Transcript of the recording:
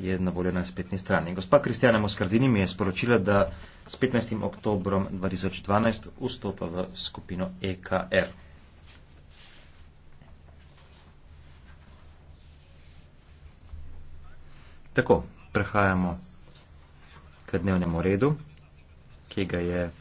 je na voljo na spletni strani. Gospa Kristjana Moskardini mi je sporočila, da s 15. oktobrom 2012 vstopa v skupino EKR. Tako, prehajamo k dnevnemu redu, ki ga je